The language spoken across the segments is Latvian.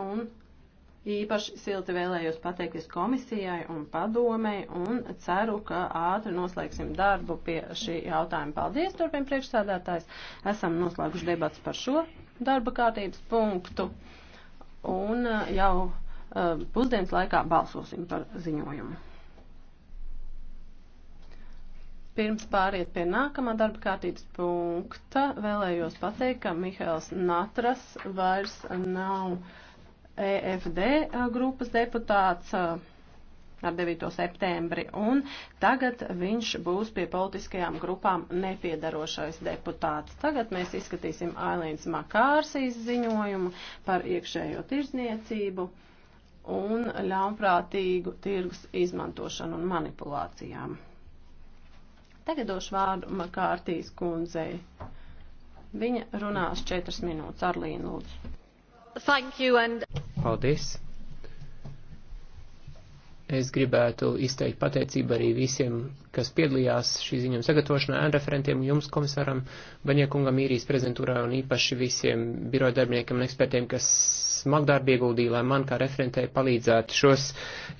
Nu, un īpaši silti vēlējos pateikties komisijai un padomei un ceru, ka ātri noslēgsim darbu pie šī jautājuma. Paldies, turpin priekšsādātājs. Esam noslēguši debats par šo darba kārtības punktu un uh, jau uh, pusdienas laikā balsosim par ziņojumu. Pirms pāriet pie nākamā darba kārtības punkta, vēlējos pateikt, ka Mihails Natras vairs nav. EFD grupas deputāts ar 9. septembri, un tagad viņš būs pie politiskajām grupām nepiedarošais deputāts. Tagad mēs izskatīsim Ailīnas Makārsīs ziņojumu par iekšējo tirzniecību un ļaunprātīgu tirgus izmantošanu un manipulācijām. Tagad došu vārdu Makārtīs kundzei. Viņa runās četras minūtes. Arlīna, lūdzu. Thank you and... Paldies! Es gribētu izteikt pateicību arī visiem, kas piedalījās šī ziņojuma sagatavošanā, referentiem, jums, komisaram, Baņiekungam, īrijas prezentūrā un īpaši visiem biroja darbiniekiem un ekspertiem, kas smagdārbi ieguldīja, lai man kā referentei palīdzētu šos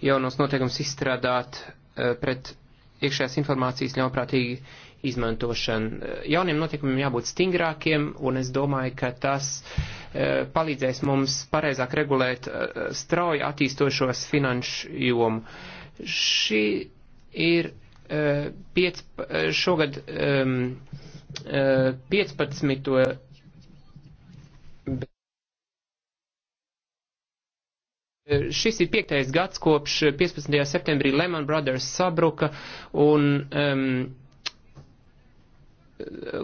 jaunos noteikumus izstrādāt eh, pret iekšējās informācijas ļaunprātīgi izmantošanu. Jauniem notikumiem jābūt stingrākiem, un es domāju, ka tas eh, palīdzēs mums pareizāk regulēt eh, strauji attīstošos finanšu jomu. Šī ir eh, piec, šogad um, ehm, 15. Šis ir piektais gads kopš 15. septembrī Lehman Brothers sabruka un um,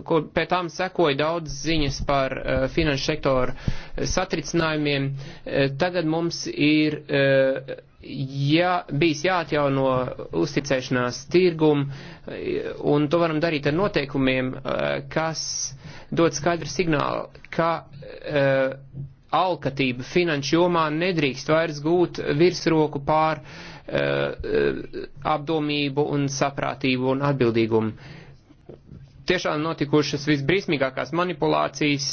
kur pēc tam sekoja daudz ziņas par uh, finanšu sektoru satricinājumiem. Uh, tagad mums ir uh, jā, bijis jāatjauno uzticēšanās tirgumu, un to varam darīt ar noteikumiem, uh, kas dod skaidru signālu, ka uh, alkatība finanšu jomā nedrīkst vairs gūt virsroku pār uh, apdomību un saprātību un atbildīgumu. Uh, tiešām notikušas visbrīsmīgākās manipulācijas,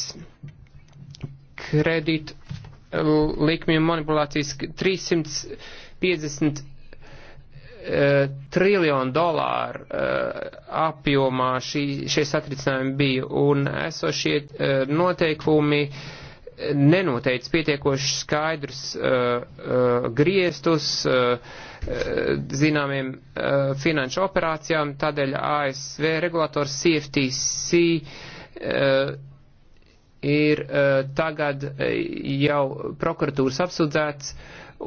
kredīt eh, likmju manipulācijas 350 uh, eh, triljonu dolāru uh, apjomā šī, šie satricinājumi bija un esošie uh, noteikumi uh, nenoteic pietiekoši skaidrs uh, uh, griestus uh, uh zināmiem uh, finanšu operācijām, tādēļ ASV regulators CFTC uh, ir uh, tagad uh, jau prokuratūras apsūdzēts,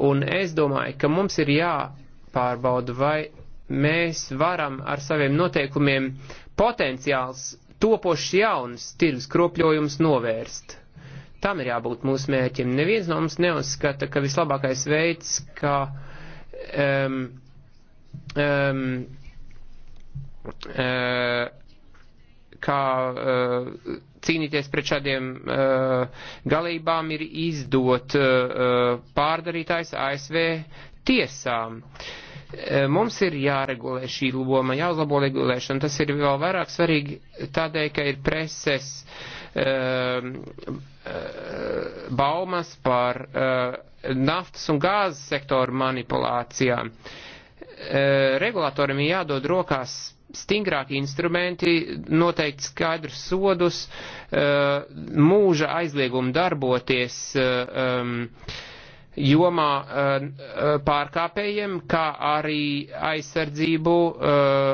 un es domāju, ka mums ir jāpārbauda, vai mēs varam ar saviem noteikumiem potenciāls topošs jauns tirgus kropļojums novērst Tam ir jābūt mūsu mērķim. Neviens no mums neuzskata, ka vislabākais veids, kā um, um, uh, kā uh, cīnīties pret šādiem uh, galībām, ir izdot uh, pārdarītājs ASV tiesām. Uh, Eh, mums ir jāregulē šī loma, jāuzlabo regulēšana. Tas ir vēl vairāk svarīgi tādēļ, ka ir preses ehm, eh, baumas par eh, naftas un gāzes sektoru manipulācijām. Regulātoram ir jādod rokās stingrāki instrumenti, noteikti skaidrus sodus, mūža aizliegumu darboties ehm, jomā eh, eh, pārkāpējiem, kā arī aizsardzību eh,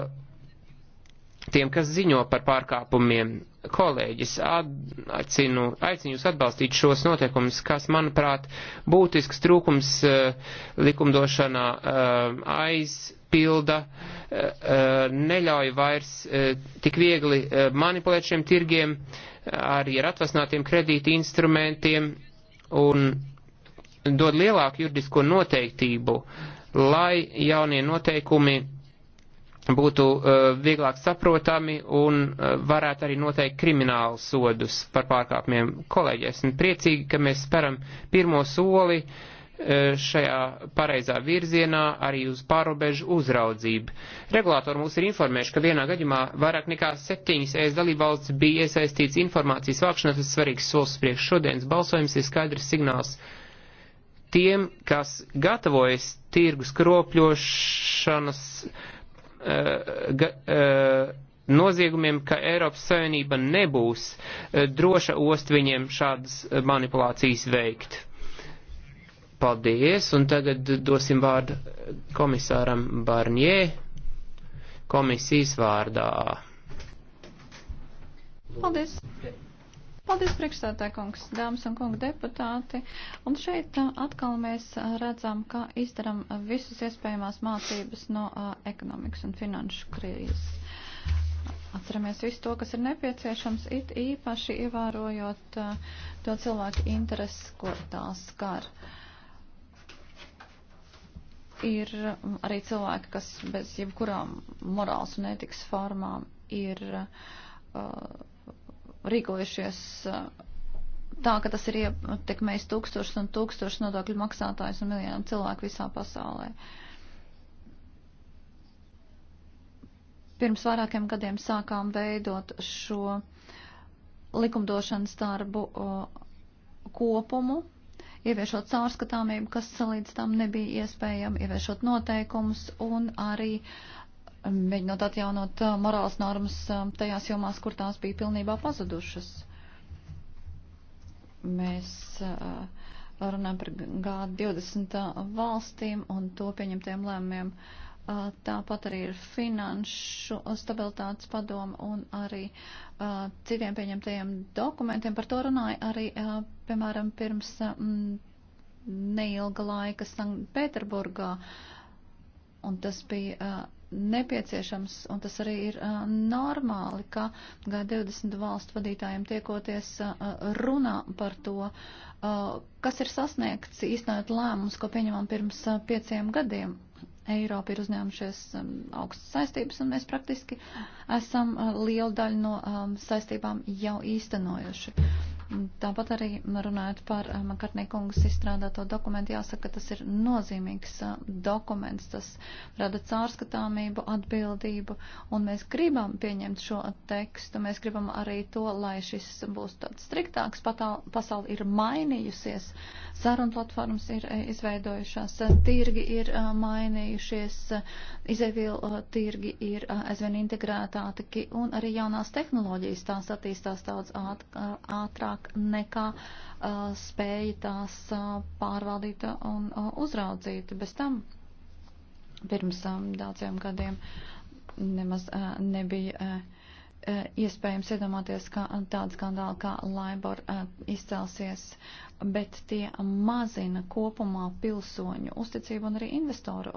tiem, kas ziņo par pārkāpumiem. Kolēģis, aicinu, aicinu jūs atbalstīt šos noteikumus, kas, manuprāt, būtisks trūkums likumdošanā aizpilda, neļauj vairs tik viegli manipulēt šiem tirgiem, arī ar atvasinātiem kredīti instrumentiem un dod lielāku juridisko noteiktību, lai jaunie noteikumi būtu uh, vieglāk saprotami un uh, varētu arī noteikt kriminālu sodus par pārkāpumiem. Kolēģi, esmu priecīgi, ka mēs speram pirmo soli uh, šajā pareizā virzienā arī uz pārobežu uzraudzību. Regulātori mūs ir informējuši, ka vienā gadījumā vairāk nekā septiņas ES dalībvalsts bija iesaistīts informācijas vākšanā, tas svarīgs solis priekš šodienas balsojums ir skaidrs signāls uh, tiem, kas gatavojas tirgus kropļošanas eh, ga, eh, noziegumiem, ka Eiropas Savienība nebūs eh, droša ost viņiem šādas manipulācijas veikt. Paldies, un tagad dosim vārdu komisāram Barņē komisijas vārdā. Paldies. Paldies, priekšstādā kungs, dāmas un kungu deputāti. Un šeit uh, atkal mēs uh, redzam, ka izdaram uh, visus iespējamās mācības no uh, ekonomikas un finanšu krīzes. Atceramies visu to, kas ir nepieciešams, it īpaši ievērojot uh, to cilvēku intereses, ko tās skar. Ir um, arī cilvēki, kas bez jebkurām morāls un ētikas formām ir. Uh, rīkojušies eh, tā, ka tas ir ietekmējis tūkstošus un tūkstošus nodokļu maksātājus un miljoniem cilvēku visā pasaulē. Pirms vairākiem gadiem sākām veidot šo likumdošanas darbu eh, kopumu, ieviešot caurskatāmību, kas līdz tam nebija iespējama, ieviešot noteikumus un arī uh, mēģinot atjaunot uh, morāls normas um, tajās jomās, kur tās bija pilnībā pazudušas. Mēs uh, runājam par G20 valstīm un to pieņemtiem lēmumiem. Tāpat arī ir finanšu stabilitātes padoma un arī uh, citiem pieņemtajiem dokumentiem. Par to runāja arī, uh, piemēram, pirms um, neilga laika Sanktpēterburgā. Un tas bija uh, nepieciešams, un tas arī ir uh, normāli, ka G20 valstu vadītājiem tiekoties uh, runā par to, uh, kas ir sasniegts īstenot lēmums, ko pieņemam pirms uh, pieciem gadiem Eiropa ir uzņēmušies um, augstas saistības, un mēs praktiski esam uh, lielu daļu no um, saistībām jau īstenojuši. Tāpat arī runājot par uh, Makartnī kungas izstrādāto dokumentu, jāsaka, ka tas ir nozīmīgs uh, dokuments, tas rada cārskatāmību, atbildību, un mēs gribam pieņemt šo tekstu, mēs gribam arī to, lai šis būs tāds striktāks, pasauli ir mainījusies, sarunplatformas ir uh, izveidojušās, uh, tirgi ir uh, mainījušies mainījušies, izēvielu uh, tirgi ir uh, aizvien integrētāki un arī jaunās tehnoloģijas tās attīstās daudz uh, ātrāk nekā spēja tās pārvaldīt un uzraudzīt. Bez tam pirms um, daudziem gadiem nemaz nebija Eh, iespējams iedomāties, ka eh, tāda skandāla kā Laibor eh, izcelsies, bet tie mazina kopumā pilsoņu uzticību un arī investoru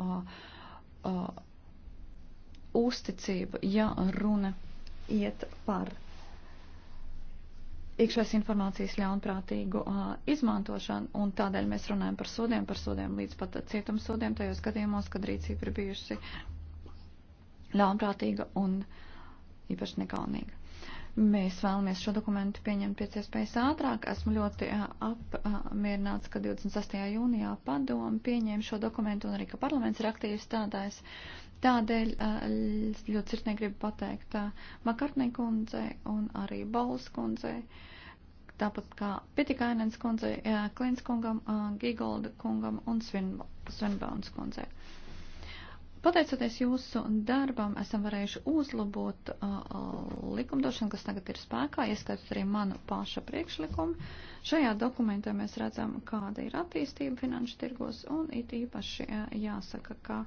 uzticību, ja runa iet par iekšējās informācijas ļaunprātīgu uh, izmantošanu, un tādēļ mēs runājam par sodiem, par sodiem līdz pat cietumsodiem tajos gadījumos, kad rīcība ir bijusi ļaunprātīga un uh, īpaši nekalnīga. Mēs vēlamies šo dokumentu pieņemt pēc iespējas ātrāk. Esmu ļoti apmierināts, ka 26. jūnijā padomu pieņēma šo dokumentu un arī, ka parlaments ir aktīvi strādājis. Tādēļ ļoti sirsnīgi gribu pateikt Makartnē kundzei un arī Bols kundzei, tāpat kā Pitikainens kundzei, Klinskungam, Gigolda kungam un Svinbauns kundzei. Pateicoties jūsu darbam, esam varējuši uzlabot uh, uh, likumdošanu, kas tagad ir spēkā, ieskaitot arī manu paša priekšlikumu. Šajā dokumentā mēs redzam, kāda ir attīstība finanšu tirgos, un it īpaši uh, jāsaka, ka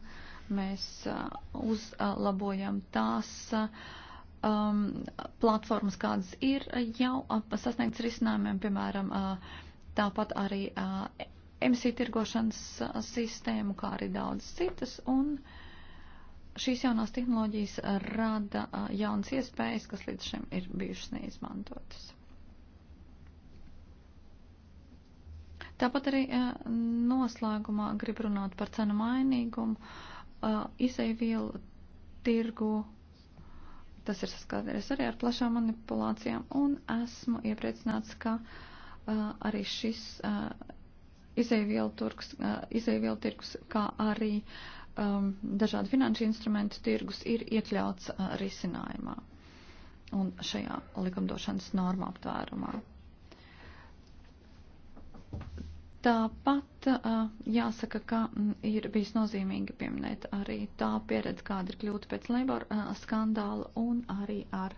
mēs uh, uzlabojam tās. Uh, Um, platformas, kādas ir jau uh, sasniegts risinājumiem, piemēram, uh, tāpat arī uh, emisiju tirgošanas uh, sistēmu, kā arī daudz citas, un uh, Šīs jaunās tehnoloģijas rada jaunas iespējas, kas līdz šim ir bijušas neizmantotas. Tāpat arī noslēgumā grib runāt par cenu mainīgumu, izēvielu tirgu. Tas ir saskāries arī ar plašām manipulācijām, un esmu iepriecināts, ka arī šis izēvielu tirgus, kā arī uh, um, dažādu finanšu instrumentu tirgus ir iekļauts uh, risinājumā un šajā likumdošanas norma aptvērumā. Tāpat jāsaka, ka ir bijis nozīmīgi pieminēt arī tā pieredze, kāda ir kļūta pēc Leibor skandāla un arī ar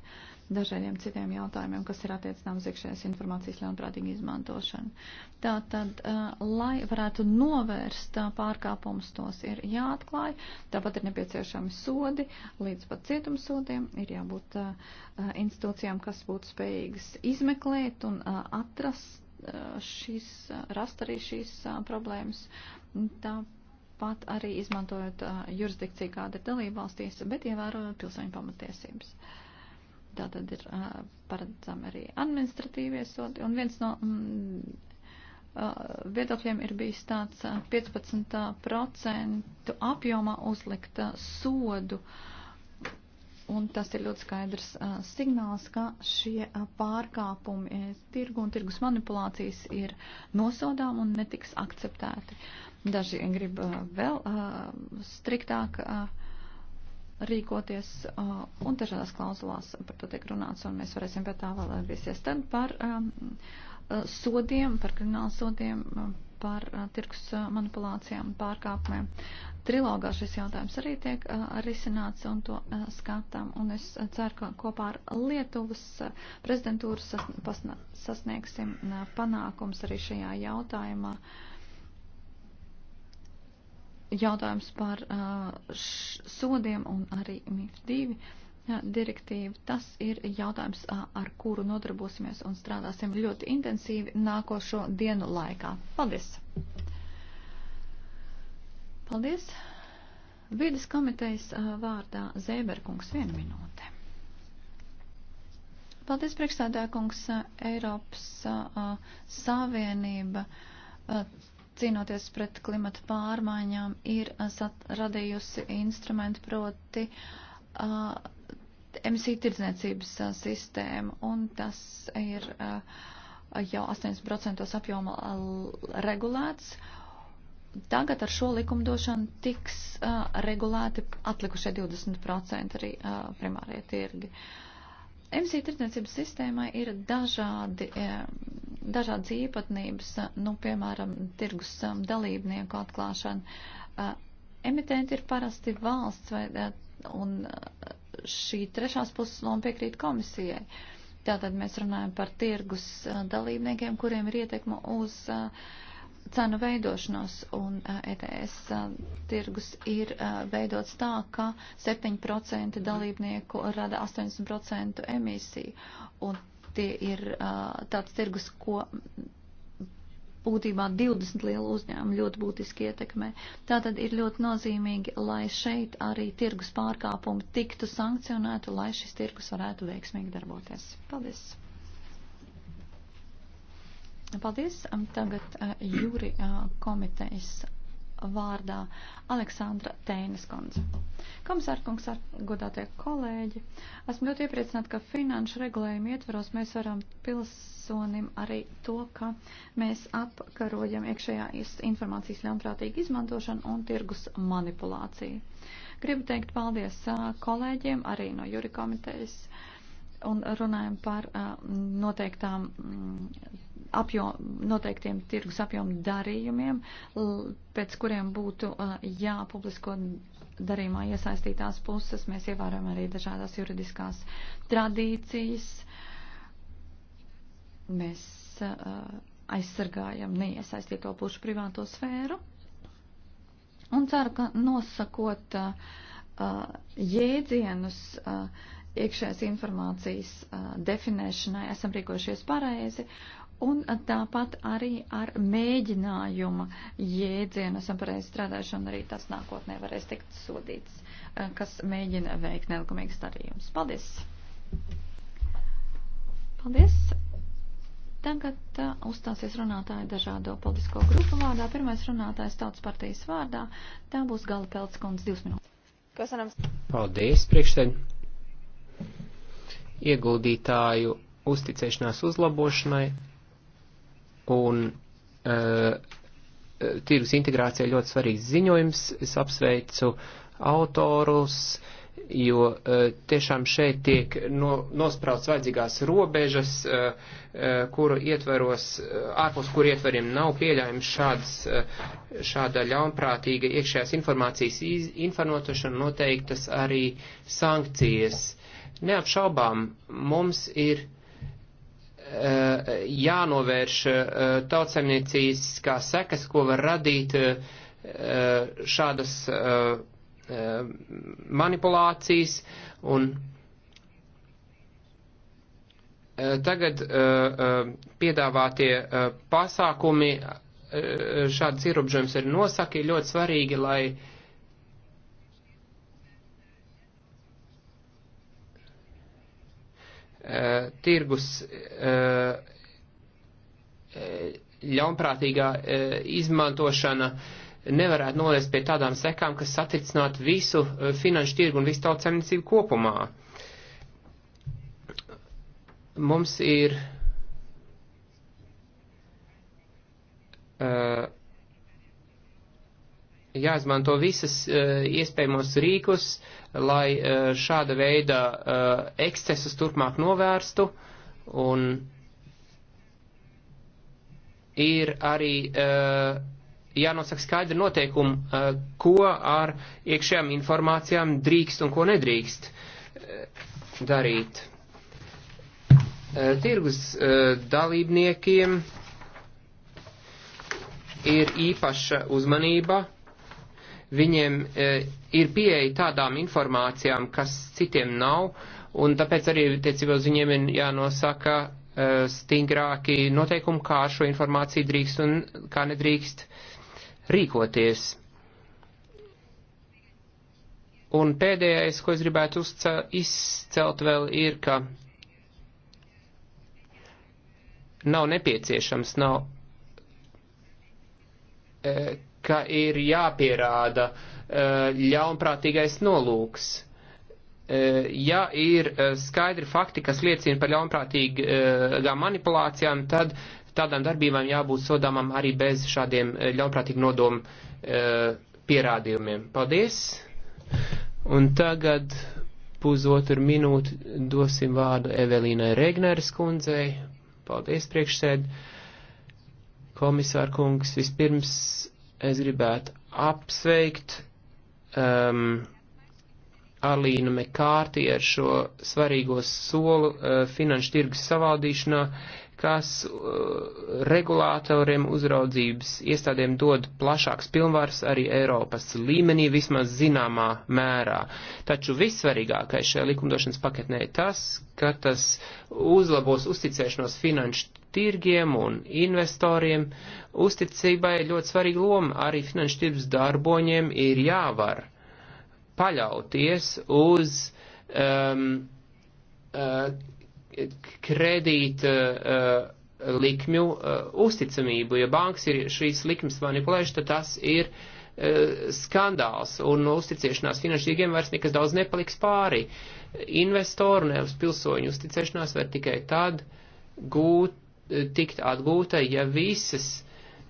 dažādiem citiem jautājumiem, kas ir attiecināms iekšējās informācijas ļaunprātīgu izmantošanu. Tātad, lai varētu novērst pārkāpumus, tos ir jāatklāj, tāpat ir nepieciešami sodi, līdz pat cietumsodiem ir jābūt institūcijām, kas būtu spējīgas izmeklēt un atrast šīs, rast arī šīs problēmas. Tāpat arī izmantojot jurisdikciju, kāda ir dalībvalstīs, bet ievērojot pilsoņu pamatiesības. Tātad ir paredzami arī administratīvie sodi. Un viens no mm, viedokļiem ir bijis tāds 15% apjomā uzlikta sodu. Uh, Un tas ir ļoti skaidrs uh, signāls, ka šie uh, pārkāpumi uh, tirgu un tirgus manipulācijas ir nosodām un netiks akceptēti. Daži grib uh, vēl uh, striktāk uh, rīkoties uh, un dažādās klauzulās par to tiek runāts un mēs varēsim pie tā vēl vērsties. Tad par um, sodiem, par kriminālu sodiem. Uh, par uh, tirkus uh, manipulācijām un pārkāpumiem. Trilogā šis jautājums arī tiek uh, risināts un to uh, skatām. Un es uh, ceru, ka kopā ar Lietuvas uh, prezidentūru sas, pasna, sasniegsim uh, panākums arī šajā jautājumā. Jautājums par uh, š, sodiem un arī MIF 2 direktīva. Tas ir jautājums, ar kuru nodarbosimies un strādāsim ļoti intensīvi nākošo dienu laikā. Paldies! Paldies! Vides komitejas vārdā Zēberkungs viena minūte. Paldies, priekšstādākungs, Eiropas Savienība cīnoties pret klimata pārmaiņām ir radījusi instrumentu proti uh, emisiju tirdzniecības sistēmu, un tas ir jau 80% apjoma regulēts. Tagad ar šo likumdošanu tiks regulēti atlikušie 20% arī primārie tirgi. Emisiju tirdzniecības sistēmai ir dažādi, dažādas īpatnības, nu, piemēram, tirgus dalībnieku atklāšana. Emitenti ir parasti valsts vai, un šī trešās puses loma piekrīt komisijai. Tātad mēs runājam par tirgus dalībniekiem, kuriem ir ietekma uz cenu veidošanos, un ETS tirgus ir veidots tā, ka 7% dalībnieku rada 80% emisiju, un tie ir tāds tirgus, ko būtībā 20 lielu uzņēmumu ļoti būtiski ietekmē. Tātad ir ļoti nozīmīgi, lai šeit arī tirgus pārkāpumi tiktu sankcionēti, lai šis tirgus varētu veiksmīgi darboties. Paldies! Paldies! Tagad eh, jūri eh, komitejas vārdā Aleksandra Tēneskons. Komisārkungs, ar godātie kolēģi, esmu ļoti iepriecināta, ka finanšu regulējumu ietvaros mēs varam pilsonim arī to, ka mēs apkarojam iekšējā informācijas ļaunprātīgu izmantošanu un tirgus manipulāciju. Gribu teikt paldies kolēģiem arī no jurikomitejas. komitejas un runājam par noteiktām mm, apjom, noteiktiem tirgus apjomu darījumiem, pēc kuriem būtu jāpublisko darījumā iesaistītās puses. Mēs ievērojam arī dažādās juridiskās tradīcijas. Mēs aizsargājam neiesaistīto pušu privāto sfēru. Un ceru, ka nosakot jēdzienus, uh, iekšējās informācijas definēšanai esam rīkojušies pareizi. Un tāpat arī ar mēģinājumu jēdzienu esam pareizi strādājuši, un arī tas nākotnē varēs tikt sodīts, kas mēģina veikt nelikumīgas darījumus. Paldies! Paldies! Tagad uh, uzstāsies runātāji dažādo politisko grupu vārdā. Pirmais runātājs tautas partijas vārdā. Tā būs Gala Peltskundze divas minūtes. Kas anams? Paldies, priekšsēdētāji! ieguldītāju uzticēšanās uzlabošanai un e, e tirgus integrācija ļoti svarīgs ziņojums. Es apsveicu autorus, jo e, tiešām šeit tiek no, nosprauts vajadzīgās robežas, e, e, kuru ietveros, e, ārpus kur ietveriem nav pieļājums šādas, e, šāda ļaunprātīga iekšējās informācijas iz, informatošana noteiktas arī sankcijas. E, Neapšaubām mums ir eh, jānovērš eh, tautsaimniecības sekas, ko var radīt eh, šādas manipulācijas un tagad piedāvātie pasākumi šādas ierobežojums ir nosaki ļoti svarīgi, lai Eh, tirgus eh, eh, ļaunprātīgā izmantošana nevarētu novest pie tādām sekām, kas satricinātu visu finanšu tirgu un visu tautsēmniecību kopumā. Mums ir uh, jāizmanto visas uh, iespējamos rīkus, lai uh, šāda veida uh, ekscesus turpmāk novērstu. Un ir arī uh, jānosaka skaidri noteikumi, uh, ko ar iekšējām informācijām drīkst un ko nedrīkst uh, darīt. Uh, tirgus uh, dalībniekiem ir īpaša uzmanība. Uh, viņiem e, ir pieeja tādām informācijām, kas citiem nav, un tāpēc arī, tiecībā uz viņiem ir jānosaka e, stingrāki noteikumi, kā ar šo informāciju drīkst un kā nedrīkst rīkoties. Un pēdējais, ko es gribētu uzcel, izcelt vēl, ir, ka nav nepieciešams, nav, e, ka ir jāpierāda eh, ļaunprātīgais nolūks. Eh, ja ir eh, skaidri fakti, kas liecina par ļaunprātīgām manipulācijām, tad tādām darbībām jābūt sodāmām arī bez šādiem ļaunprātīgu nodomu pierādījumiem. Paldies! Un tagad pusotru minūti dosim vārdu Evelīnai Regneres kundzei. Paldies priekšsēd. Komisār kungs, vispirms Es gribētu apsveikt um, Arlīnu Mekārti ar šo svarīgo solu uh, finanšu tirgus savaldīšanā. Uh, kas uh, regulātoriem uzraudzības iestādēm dod plašāks pilnvars arī Eiropas līmenī vismaz zināmā mērā. Taču vissvarīgākais šajā likumdošanas paketnē ir tas, ka tas uzlabos uzticēšanos finanšu tirgiem un investoriem. Uzticībai ļoti svarīga loma arī finanšu tirgus darboņiem ir jāvar paļauties uz um, uh, kredīta eh, likmju eh, uzticamību. Ja banks ir šīs likmes manipulējuši, tad tas ir eh, skandāls un uzticēšanās finanšīgiem vairs nekas daudz nepaliks pāri. Investoru nevis pilsoņu uzticēšanās var tikai tad gūt, tikt atgūta, ja visas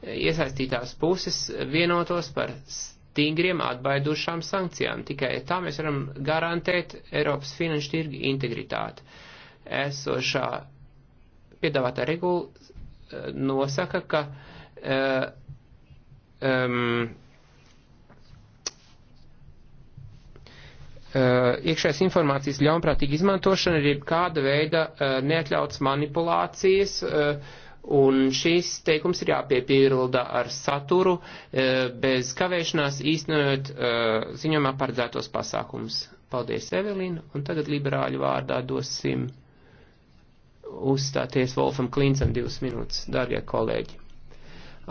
iesaistītās puses vienotos par stingriem atbaidušām sankcijām. Tikai tā mēs varam garantēt Eiropas finanšu tirgu integritāti. Uh, esošā piedāvātā regula eh, nosaka, ka uh, um, Uh, iekšējās informācijas ļaunprātīga izmantošana ir jebkāda veida uh, neatļauts manipulācijas, uh, un šīs teikums ir jāpiepilda ar saturu, uh, bez kavēšanās īstenojot uh, ziņojumā paredzētos pasākums. Paldies, Evelīna, un tagad liberāļu vārdā dosim uzstāties Wolfam Klincam divas minūtes, darbie kolēģi.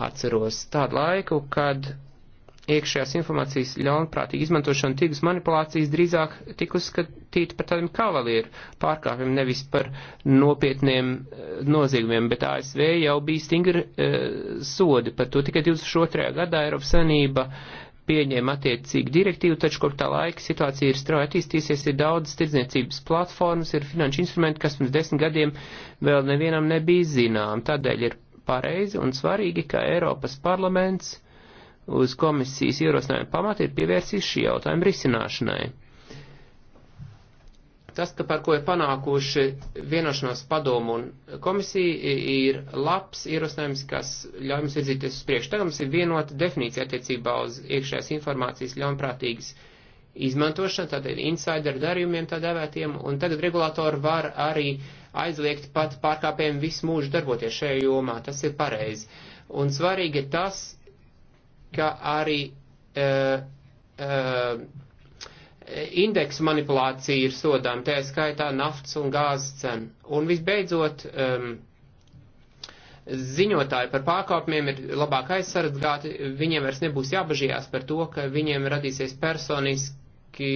Atceros tādu laiku, kad iekšējās informācijas ļaunprātīga izmantošana tirgus manipulācijas drīzāk tika uzskatīta par tādiem kavalieru pārkāpumiem, nevis par nopietniem eh, noziegumiem, bet ASV jau bija stingri e, sodi par to. Tikai 2002. gadā Eiropas Sanība pieņēma attiecīgu direktīvu, taču kopš tā laika situācija ir strauji attīstīsies, ir daudz tirdzniecības platformas, ir finanšu instrumenti, kas pirms desmit gadiem vēl nevienam nebija zinām. Tādēļ ir pareizi un svarīgi, ka Eiropas parlaments uz komisijas ierosinājumu pamatu ir pievērsis šī jautājuma risināšanai. Tas, ka par ko ir panākuši vienošanos padomu un komisija, ir labs ierosinājums, kas ļauj mums virzīties uz priekšu. Tagad mums ir vienota definīcija attiecībā uz iekšējās informācijas ļaunprātīgas izmantošana, tātad insider darījumiem tā devētiem, un tagad regulātori var arī aizliegt pat pārkāpējiem visu mūžu darboties šajā jomā. Tas ir pareizi. Un svarīgi ir tas, ka arī. Uh, uh, indeksu manipulācija ir sodām, tā skaitā naftas un gāzes cena. Un visbeidzot, um, ziņotāji par pārkāpumiem ir labāk aizsardzgāti, viņiem vairs nebūs jābažījās par to, ka viņiem radīsies personiski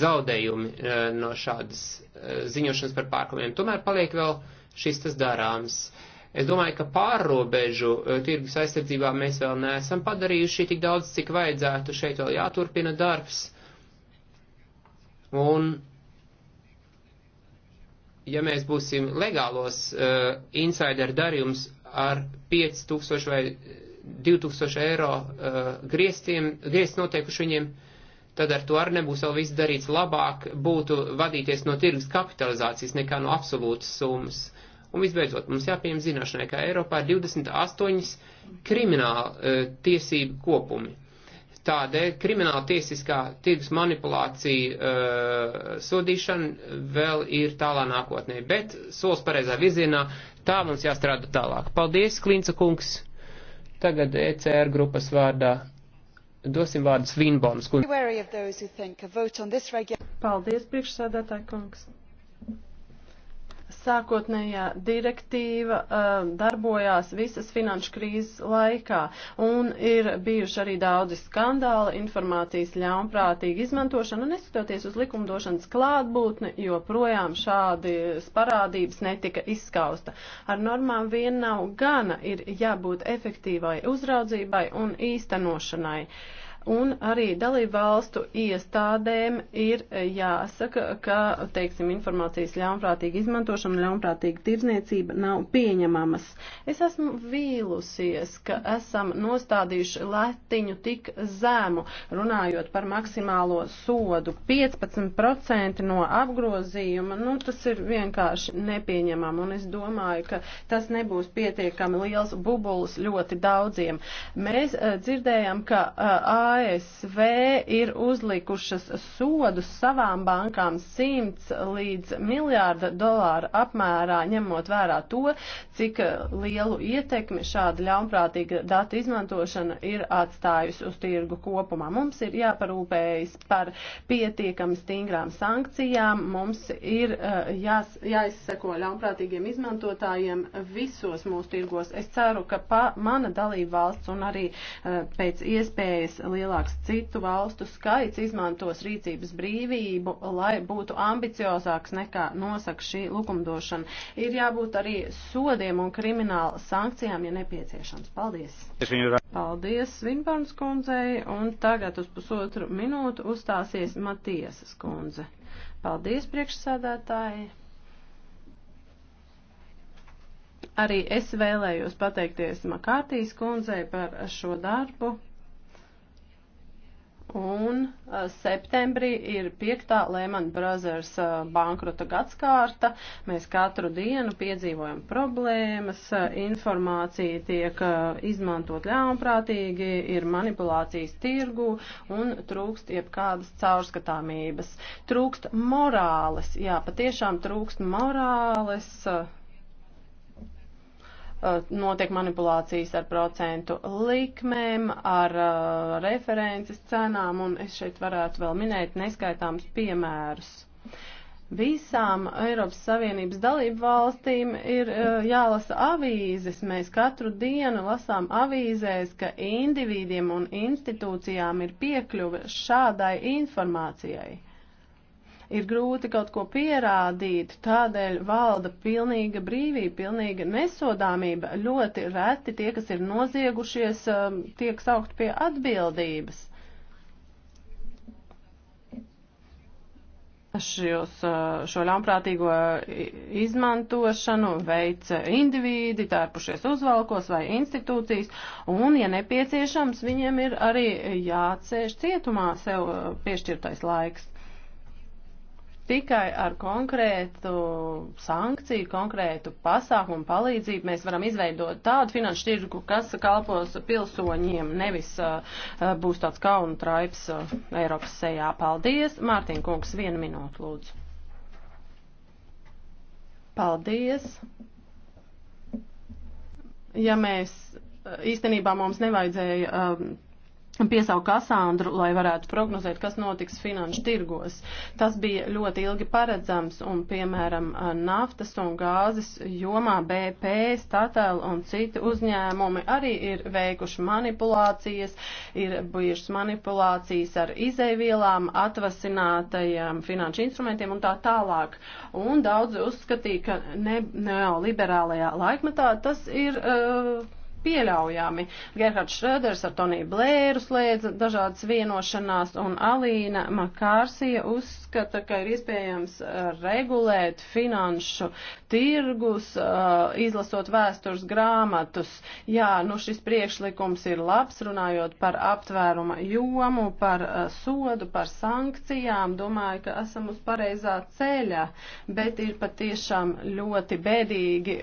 zaudējumi uh, no šādas uh, ziņošanas par pārkāpumiem. Tomēr paliek vēl šis tas darāms. Es domāju, ka pārrobežu uh, tirgus aizsardzībā mēs vēl neesam padarījuši tik daudz, cik vajadzētu. Šeit vēl jāturpina darbs. Uh, Un, ja mēs būsim legālos uh, insider darījums ar 5000 vai 2000 eh, eiro uh, griestiem, griest noteikuši viņiem, tad ar to arī nebūs vēl viss darīts labāk, būtu vadīties no tirgus kapitalizācijas nekā no absolūtas summas. Un visbeidzot, mums jāpieņem zināšanai, ka Eiropā ir 28 krimināla uh, tiesību kopumi. Tādēļ krimināla tiesiskā tirgus manipulācija uh, sodīšana vēl ir tālā nākotnē, bet solis pareizā virzienā tā mums jāstrādā tālāk. Paldies, Klinca kungs! Tagad ECR grupas vārdā dosim vārdu Svinbonas kungs. Paldies, priekšsēdētāji kungs! sākotnējā direktīva uh, darbojās visas finanšu krīzes laikā, un ir bijuši arī daudzi skandāli, informācijas ļaunprātīga izmantošana, un neskatoties uz likumdošanas klātbūtni, joprojām šādi parādības netika izskausta. Ar normām vien nav gana, ir jābūt efektīvai uzraudzībai un īstenošanai. Uh, un arī dalību valstu iestādēm ir e, jāsaka, ka, teiksim, informācijas ļaunprātīga izmantošana, ļaunprātīga tirzniecība nav pieņemamas. Es esmu vīlusies, ka esam nostādījuši letiņu tik zēmu, runājot par maksimālo sodu. 15% no apgrozījuma, nu, tas ir vienkārši nepieņemam, un es domāju, ka tas nebūs pietiekami liels bubulis ļoti daudziem. Mēs uh, dzirdējam, ka uh, ASV ir uzlikušas sodus savām bankām 100 līdz miljārda dolāra apmērā, ņemot vērā to, cik lielu ietekmi šāda ļaunprātīga data izmantošana ir atstājusi uz tirgu kopumā. Mums ir jāparūpējas par pietiekami stingrām sankcijām, mums ir eh, jās, jāizseko ļaunprātīgiem izmantotājiem visos mūsu tirgos. Es ceru, ka pa, mana dalība valsts un arī eh, pēc iespējas līdz lielāks citu valstu skaits izmantos rīcības brīvību, lai būtu ambiciozāks nekā nosaka šī likumdošana. Ir jābūt arī sodiem un krimināla sankcijām, ja nepieciešams. Paldies! Paldies Svinbarnas kundzei, un tagad uz pusotru minūtu uzstāsies Matiesas kundze. Paldies, priekšsādātāji! Arī es vēlējos pateikties Makārtīs kundzei par šo darbu. Un uh, septembrī ir piektā Lehman Brothers uh, bankrota gadskārta. Mēs katru dienu piedzīvojam problēmas, uh, informācija tiek uh, izmantot ļaunprātīgi, ir manipulācijas tirgu un trūkst jebkādas caurskatāmības. Trūkst morāles, jā, patiešām trūkst morāles. Uh, Eh, notiek manipulācijas ar procentu likmēm, ar uh, references cenām, un es šeit varētu vēl minēt neskaitāms piemērus. Visām Eiropas Savienības dalību valstīm ir uh, jālasa avīzes. Mēs katru dienu lasām avīzēs, ka individiem un institūcijām ir piekļuve šādai informācijai ir grūti kaut ko pierādīt, tādēļ valda pilnīga brīvība, pilnīga nesodāmība. Ļoti reti tie, kas ir noziegušies, um, tiek saukt pie atbildības. šos, uh, šo ļaunprātīgo izmantošanu veic indivīdi, tērpušies uzvalkos vai institūcijas, un, ja nepieciešams, viņiem ir arī jācēž cietumā sev uh, piešķirtais laiks. Tikai ar konkrētu sankciju, konkrētu pasākumu palīdzību mēs varam izveidot tādu finanšu tirgu, kas kalpos pilsoņiem, nevis uh, uh būs tāds kaunu traips uh, Eiropas sejā. Paldies! Mārtiņ kungs, vienu minūtu lūdzu. Paldies! Ja mēs uh, īstenībā mums nevajadzēja. Uh, piesaukt Kasandru, lai varētu prognozēt, kas notiks finanšu tirgos. Tas bija ļoti ilgi paredzams un, piemēram, naftas un gāzes jomā BP, Statel un citi uzņēmumi arī ir veikuši manipulācijas, ir bijušas manipulācijas ar izēvielām, atvasinātajiem finanšu instrumentiem un tā tālāk. Un daudzi uzskatīja, ka ne, neoliberālajā laikmetā tas ir. Uh, pieļaujami. Gerhards Šrēders ar Toniju Blēru slēdza dažādas vienošanās, un Alīna Makārsija uzskata, ka ir iespējams uh, regulēt finanšu tirgus, uh, izlasot vēstures grāmatus. Jā, nu šis priekšlikums ir labs, runājot par aptvēruma jomu, par uh, sodu, par sankcijām. Domāju, ka esam uz pareizā ceļa, bet ir patiešām ļoti bēdīgi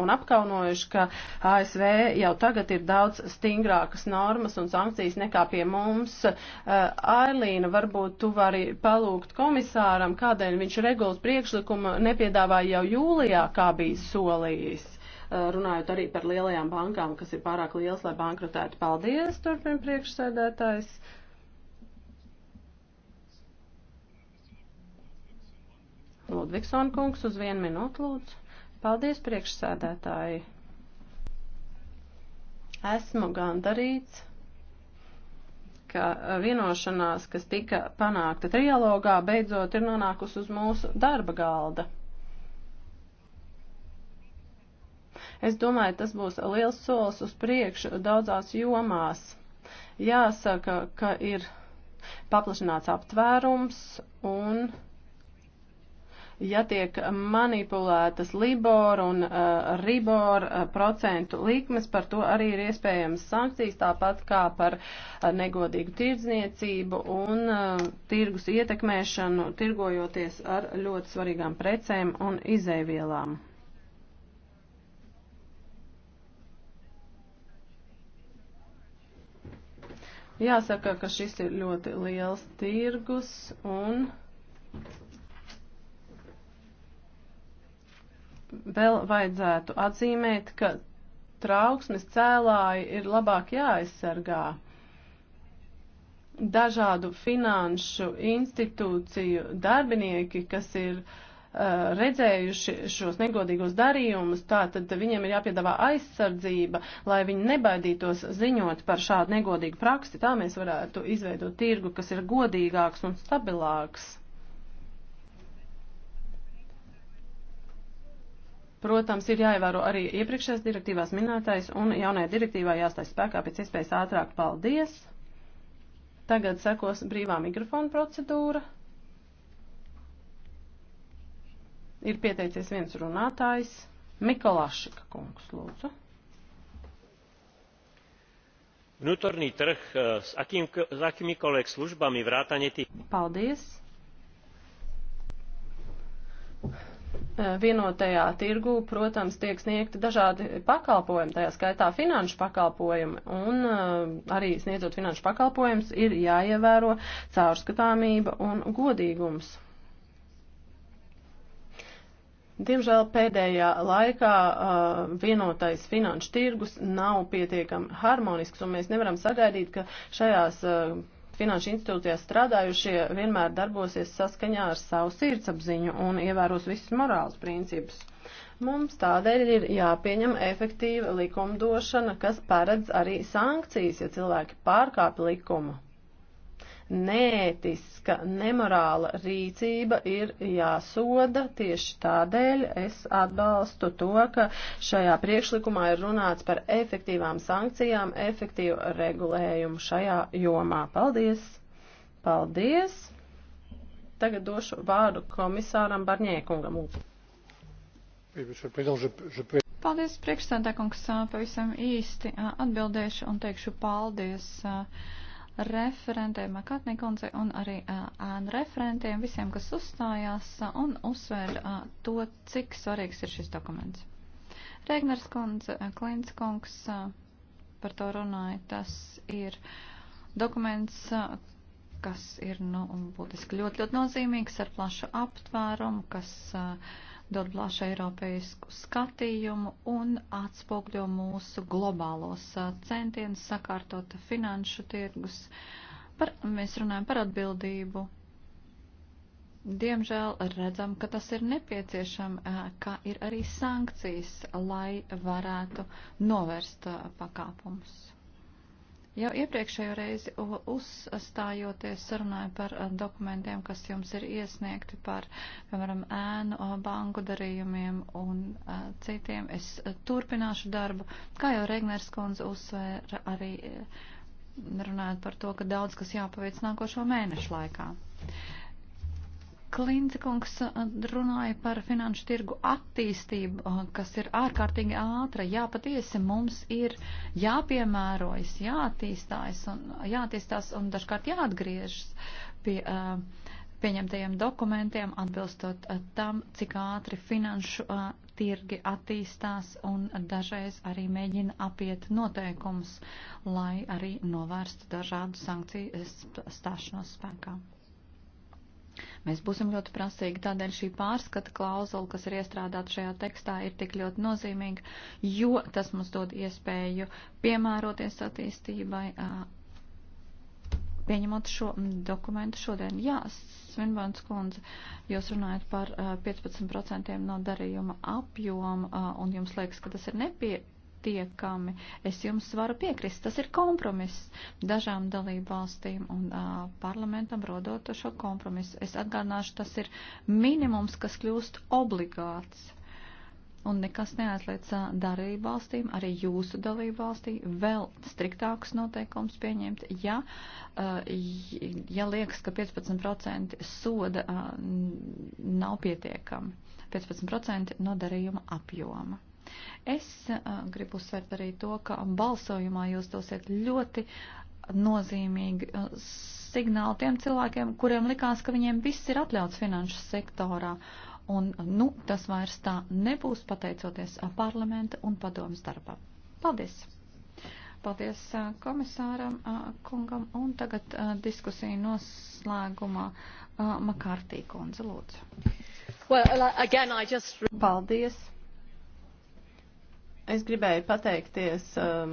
un apkaunojuši, ka ASV jau tagad ir daudz stingrākas normas un sankcijas nekā pie mums. Eh, Ailīna, varbūt tu vari palūgt komisāram, kādēļ viņš regulas priekšlikumu nepiedāvāja jau jūlijā, kā bija solījis. Eh, runājot arī par lielajām bankām, kas ir pārāk liels, lai bankrotētu. Paldies, turpina priekšsēdētājs. Ludvigsona kungs uz vienu minūtu lūdzu. Paldies, priekšsēdētāji. Esmu gandarīts, ka vienošanās, kas tika panākta trialogā, beidzot ir nonākusi uz mūsu darba galda. Es domāju, tas būs liels solis uz priekšu daudzās jomās. Jāsaka, ka ir paplašināts aptvērums un ja tiek manipulētas Libor un uh, Ribor uh, procentu likmes, par to arī ir iespējams sankcijas, tāpat kā par uh, negodīgu tirdzniecību un uh, tirgus ietekmēšanu, tirgojoties ar ļoti svarīgām precēm un izēvielām. Jāsaka, ka šis ir ļoti liels tirgus un vēl vajadzētu atzīmēt, ka trauksmes cēlāji ir labāk jāaizsargā. Dažādu finanšu institūciju darbinieki, kas ir uh, redzējuši šos negodīgos darījumus, tātad viņiem ir jāpiedāvā aizsardzība, lai viņi nebaidītos ziņot par šādu negodīgu praksi. Tā mēs varētu izveidot tirgu, kas ir godīgāks un stabilāks. Protams, ir jāievēro arī iepriekšējās direktīvās minētais un jaunajā direktīvā jāstājas spēkā pēc iespējas ātrāk. Paldies! Tagad sekos brīvā mikrofona procedūra. Ir pieteicies viens runātājs - Mikolašika kungs, lūdzu. Vnútorný trh eh, s, akým, s akýmikoľvek službami vrátane tých... Paldies! Eh, vienotajā tirgū, protams, tiek sniegti dažādi pakalpojumi, tajā skaitā finanšu pakalpojumi, un eh, arī sniedzot finanšu pakalpojumus ir jāievēro caurskatāmība un godīgums. Diemžēl pēdējā laikā uh, vienotais finanšu tirgus nav pietiekami harmonisks, un mēs nevaram sagaidīt, ka šajās uh, finanšu institūcijās strādājušie vienmēr darbosies saskaņā ar savu sirdsapziņu un ievēros visus morāls principus. Mums tādēļ ir jāpieņem efektīva likumdošana, kas paredz arī sankcijas, ja cilvēki pārkāpj likumu nētiska, nemorāla rīcība ir jāsoda. Tieši tādēļ es atbalstu to, ka šajā priekšlikumā ir runāts par efektīvām sankcijām, efektīvu regulējumu šajā jomā. Paldies! Paldies! Tagad došu vārdu komisāram Barņēkungam. Paldies, priekšsēdētājkungs, pavisam īsti atbildēšu un teikšu paldies. Uh, referentei Makatnī kundze un arī ēnu referentiem, visiem, kas uzstājās un uzsvēra to, cik svarīgs ir šis dokuments. Regners kundze, Klins kungs par to runāja, tas ir dokuments, kas ir, nu, būtiski ļoti, ļoti nozīmīgs ar plašu aptvērumu, kas uh, dod plašu eiropeisku skatījumu un atspogļo mūsu globālos uh, centienus sakārtot finanšu tirgus. Par, mēs runājam par atbildību. Diemžēl redzam, ka tas ir nepieciešama, uh, ka ir arī sankcijas, lai varētu novērst uh, pakāpumus. Jau iepriekšējo reizi uzstājoties sarunāju par eh, dokumentiem, kas jums ir iesniegti par, piemēram, ēnu eh, banku darījumiem un eh, citiem. Es turpināšu darbu, kā jau Regners kundze uzsvēra arī runājot par to, ka daudz kas jāpaveic nākošo mēnešu laikā. Klinca kungs runāja par finanšu tirgu attīstību, kas ir ārkārtīgi ātra. Jā, patiesi mums ir jāpiemērojas, jāattīstās un, jāattīstās un dažkārt jāatgriežas pie pieņemtajiem dokumentiem, atbilstot tam, cik ātri finanšu tirgi attīstās un dažreiz arī mēģina apiet noteikumus, lai arī novērstu dažādu sankciju stāšanos spēkā. Mēs būsim ļoti prasīgi, tādēļ šī pārskata klauzula, kas ir iestrādāta šajā tekstā, ir tik ļoti nozīmīga, jo tas mums dod iespēju piemēroties attīstībai, pieņemot šo dokumentu šodien. Jā, Svinbārns kundze, jūs runājat par 15% no darījuma apjoma, un jums liekas, ka tas ir nepie pietiekami. Es jums varu piekrist, tas ir kompromiss dažām dalību valstīm un uh, parlamentam rodot šo kompromisu. Es atgādināšu, tas ir minimums, kas kļūst obligāts. Un nekas neaizliec darību valstīm, arī jūsu dalību valstī, vēl striktākus noteikumus pieņemt, ja, ja liekas, ka 15% soda nav pietiekami. 15% no darījuma apjoma. Es uh, gribu uzsvērt arī to, ka balsojumā jūs dosiet ļoti nozīmīgi uh, signāli tiem cilvēkiem, kuriem likās, ka viņiem viss ir atļauts finanšu sektorā. Un, uh, nu, tas vairs tā nebūs pateicoties parlamenta un padomas darbam. Paldies! Paldies komisāram kungam un tagad diskusiju noslēgumā Makārtī kundze lūdzu. Well, again, I just... Paldies! Es gribēju pateikties uh,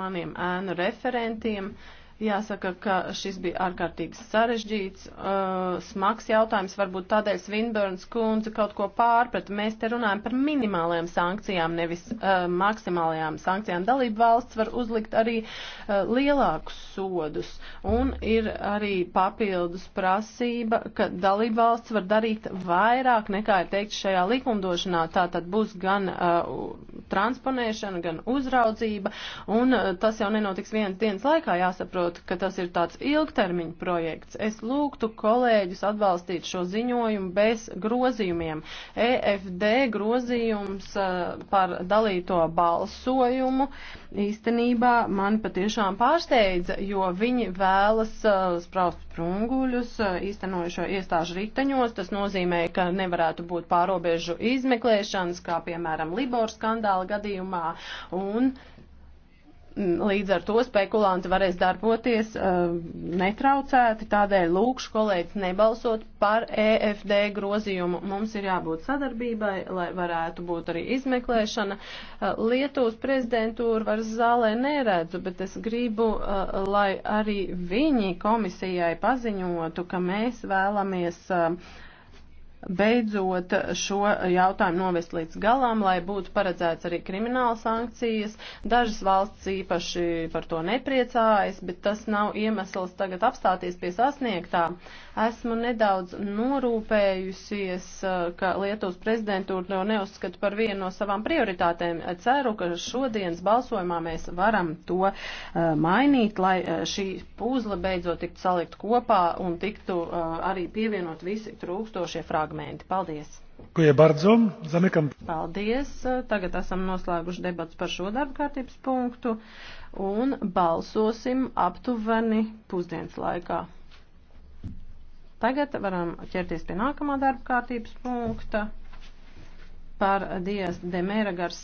maniem ēnu referentiem. Uh, Jāsaka, ka šis bija ārkārtīgi sarežģīts, uh, smags jautājums, varbūt tādēļ Svinburns kundze kaut ko pārprat. Mēs te runājam par minimālajām sankcijām, nevis uh, maksimālajām sankcijām. Dalība valsts var uzlikt arī uh, lielākus sodus, un ir arī papildus prasība, ka dalība valsts var darīt vairāk nekā ir teikt šajā likumdošanā. Tā tad būs gan uh, transponēšana, gan uzraudzība, un uh, tas jau nenotiks vienas dienas laikā, jāsaprot jāsaprot, ka tas ir tāds ilgtermiņa projekts. Es lūgtu kolēģus atbalstīt šo ziņojumu bez grozījumiem. EFD grozījums par dalīto balsojumu īstenībā mani patiešām pārsteidza, jo viņi vēlas spraust sprunguļus īstenojušo iestāžu riteņos. Tas nozīmē, ka nevarētu būt pārobežu izmeklēšanas, kā piemēram Libor skandāla gadījumā. Un, uh, Līdz ar to spekulanti varēs darboties uh, netraucēti, tādēļ lūkšu kolēģis nebalsot par EFD grozījumu. Mums ir jābūt sadarbībai, lai varētu būt arī izmeklēšana. Uh, Lietuvas prezidentūru var zālē neredzu, bet es gribu, uh, lai arī viņi komisijai paziņotu, ka mēs vēlamies. Uh, beidzot šo jautājumu novest līdz galam, lai būtu paredzēts arī krimināla sankcijas. Dažas valsts īpaši par to nepriecājas, bet tas nav iemesls tagad apstāties pie sasniegtā. Esmu nedaudz norūpējusies, ka Lietuvas prezidentūra to neuzskata par vienu no savām prioritātēm. Ceru, ka šodienas balsojumā mēs varam to eh, mainīt, lai eh, šī puzle beidzot tiktu salikt kopā un tiktu eh, arī pievienot visi trūkstošie fragmenti fragmenti. Paldies! Paldies! Tagad esam noslēguši debats par šo darba kārtības punktu un balsosim aptuveni pusdienas laikā. Tagad varam ķerties pie nākamā darba kārtības punkta par Dijas Demēra Gars.